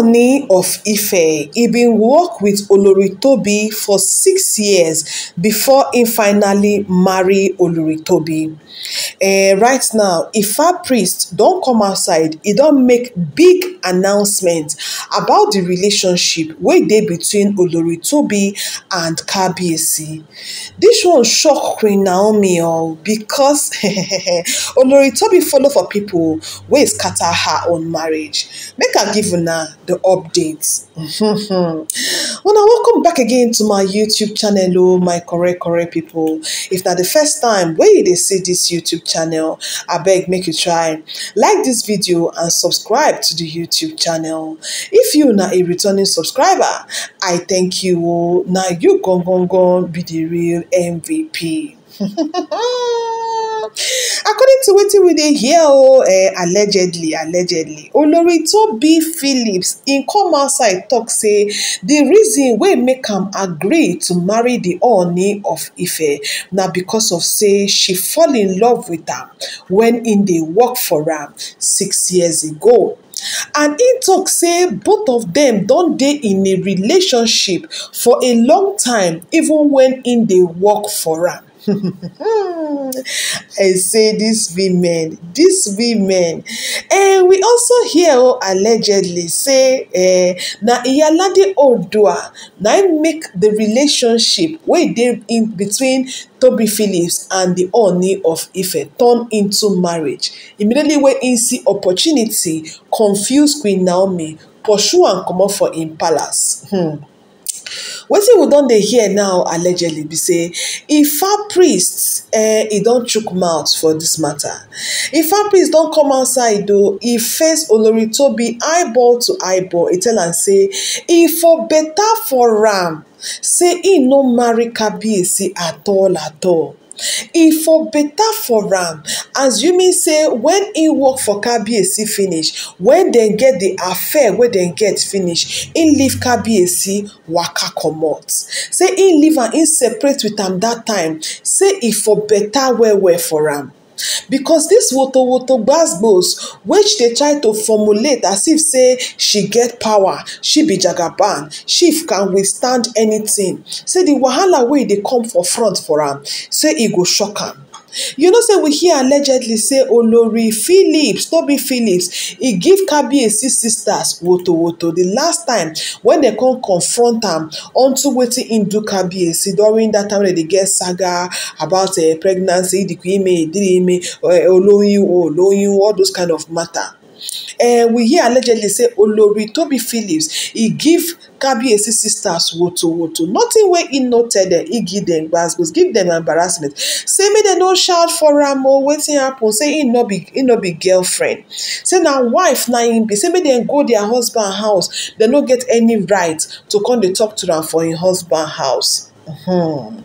Ooni of Ife, he been work with Oloritobi for six years before he finally marry Oloritobi. Uh, eh, right now, Ifa priest don come outside, he don make big announcement about the relationship wey dey between Oloritobi and Kabiyesi. This one shock Queen Naomi oh because Oloritobi follow for people wey scatter her own marriage. Make I give una the updates. well, now welcome back again to my YouTube channel, oh my correct correct people. If that the first time where you see this YouTube channel, I beg make you try like this video and subscribe to the YouTube channel. If you not a returning subscriber, I thank you. Oh, now you gon gon gon be the real MVP. according to what we did hear oh, eh, allegedly allegedly olori tobi phillips in come outside talk say the reason why make him agree to marry the only of ife now because of say she fall in love with him when in the work for am six years ago and he talk say both of them don't they in a relationship for a long time even when in the work for am I say this women, this women. And eh, we also hear oh, allegedly say eh, na Iyalade Odua na im make the relationship wey dey in between Toby Phillips and the Ooni of Ife turn into marriage. Immediately when in see opportunity, confuse Queen Naomi, pursue am comot for im palace. Hmm wetin we don dey hear now allegedly be say ifa priest eh e don chook mouth for dis matter ifa priest don come outside o e face oloritobi eyeball to eyeball e tell am say e for better for am say e no marry kabiyesi at all at all e for better for am as you mean say when he work for kabiyesi finish when dem get the affair wey dem get finish he leave kabiyesi waka comot say he leave am he separate with am that time say e for better well well for am because this woto woto gbasgbos which dey try to formulate as if say she get power she be jagaban she can withstand anything say the wahala wey dey come for front for am say e go shock am you know say we hear allegedly say olori phillips tobi phillips e give kabiyesi sisters wotowoto The last time when dem come confront am unto wetin im do kabiyesi during that time wey dem get saga about eh, pregnancy idikwu ime idiri ime oloyun oloyun all those kind of matter And eh, we hear allegedly say Olori Toby Phillips, he give Kabiyesi sisters woto woto. Nothing wey he no tell them, he give them gbasgbos, give them embarrassment. Say make dem no shout for am o, oh, wetin happen? Say he no be he no be girlfriend. Say na wife na him be. Say make dem go their husband house. Dem no get any right to come dey talk to am for im husband house. -hmm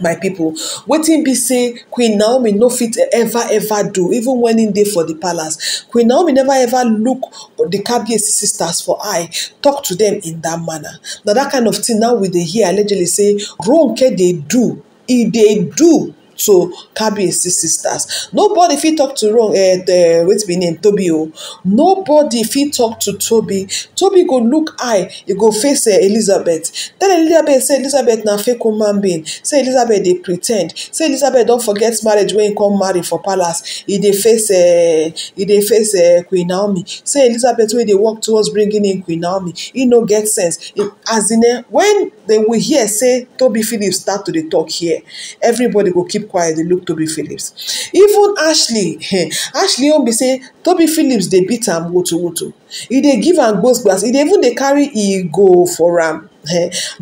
my pipo wetin be say queen naomi no fit ever ever do even wen im dey for the palace queen naomi never ever look the kabiyesi sisters for eye talk to them in that manner na that kind of thing, now we dey hear allegedly say ronke dey do e dey do to his sisters nobody fit talk to wrong uh, eh, the wait be in Toby. o nobody fit talk to Toby. Toby go look eye He go face uh, elizabeth tell elizabeth say elizabeth na fake woman being say elizabeth they pretend say elizabeth don't forget marriage when come marry for palace He they face uh, eh, he they face uh, queen naomi say elizabeth when they walk towards bringing in queen naomi He no get sense as in uh, when they will hear say Toby phillips start to the talk here everybody go keep quiet dey look toby phillips even ashley eh, ashley own be say toby phillips dey beat am wutu e dey give am gbas e dey even dey carry e go for am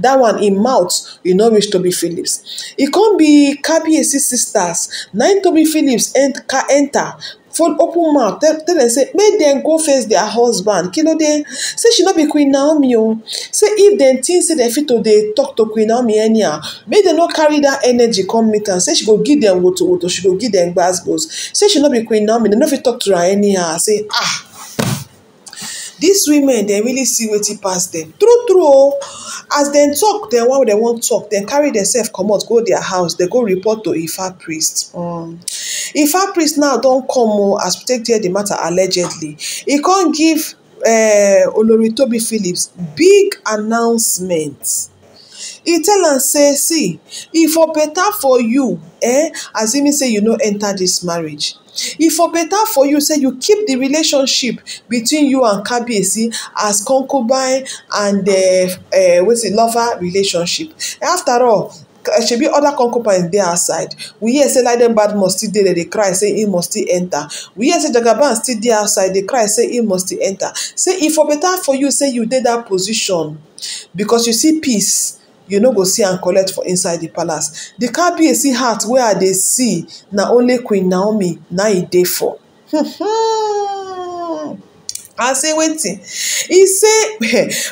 dat eh. one im mouth e no reach toby phillips e come be kabiyesi sisters na im toby phillips enta full open mouth tell dem say make dem go face their husband kilode say she no be queen naomi o say if dem think say dem fit to dey talk to queen naomi anyhow make dem no carry that energy come meet am say she go give dem woto woto she go give dem gbasgbos say she no be queen naomi dem no fit talk to her anyhow say ah dis women dem really see wetin pass dem true true o as dem tok dem wan dem wan talk? dem carry demsef comot go dia house dem go report to ifa priest um If our priest now don come o as we take hear di matter allegedly he con give eh, olori tobi phillips big announcement He tell am say see e for better for you eh as e mean say you no enter this marriage e for better for you say you keep the relationship between you and kabiyesi as concubine and eh, eh, wetin lover relationship after all shebi oda concubines dey outside we hear say bad badman still dey dem dey cry say im must still enta we hear say jagaban still dey outside dey cry say im must still enta say e for better for you say you dey dat position becos you see peace you no go see am collect for inside di palace di kabiyesi heart wey i dey see na only queen naomi na e dey for. and say wetin He say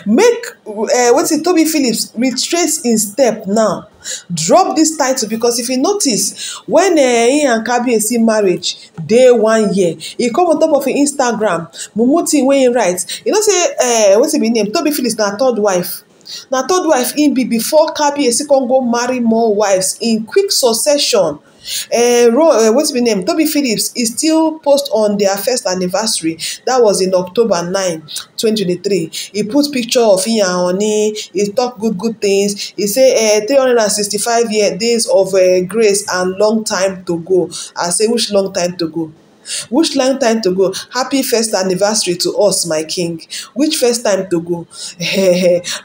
make eh, wetin toby phillips retrace im step now drop dis title because if you notice wen eh, he and kabiyesi marriage dey one year he come on top of im instagram mumu tin wey im write you know say eh, wetin be name toby phillips na third wife na third wife im be before kabiyesi come go marry more wives in quick succession Uh, Ro- uh, what's his name? Toby Phillips is still post on their first anniversary. That was in October 9, 2023. He put picture of Iyaoni. He talk good, good things. He say uh, eh, 365 years days of uh, grace and long time to go. I say which long time to go? Which long time to go? Happy first anniversary to us, my king. Which first time to go?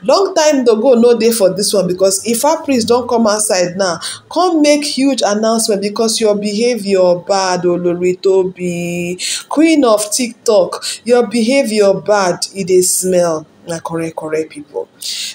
long time to go, no day for this one because if our priest don't come outside now, come make huge announcement because your behavior bad, Olorito. Be Queen of TikTok, your behavior bad, it is smell. like correct correct people,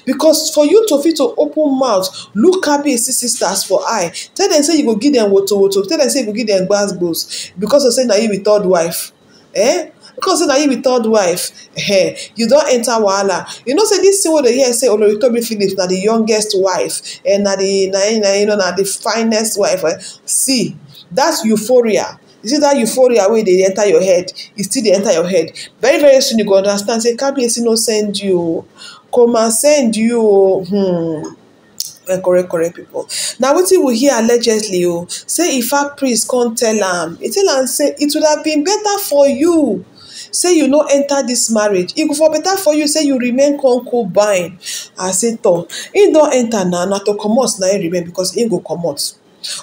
because for you to fit to open mouth look kabiyesi sisters for eye tell dem say you go give dem wotowoto tell dem say you go give dem gbasgbos because of say na you be third wife eh because say na you be third wife eh you don enter wahala you know say this. thing wey dey hear say oloritobi philip na the youngest wife and eh, na the na na you know na the finest wife eh, see that's euphoria you see that euphoria wey dey enter your head e still dey enter your head very very soon you go understand say kabiyesi no send you o koma send you o hmm. correct correct people. Now what we hear allegedly o say a priest can't tell am e tell am say it would have been better for you say you no enter this marriage It go for better for you say you remain concubine i say tor e don enter now, na to comot na im remain because im go comot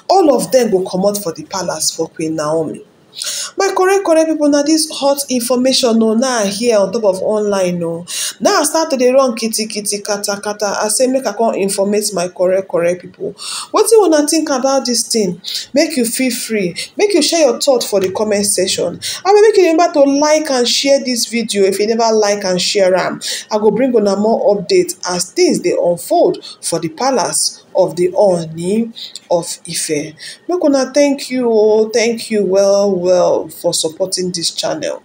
all of them go comot for the palace for queen naomi my correct correct people. na this hot information No, na i hear on top of online No, now i start to dey run kata kata. i say make i come informate my correct correct pipo wetin una think about this thing make you feel free make you share your thought for the comment section and make you remember to like and share this video if you never like and share am i go bring una more update as things dey unfold for the palace of the Oni of Ife. Make una thank you oh, thank you well well for supporting this channel.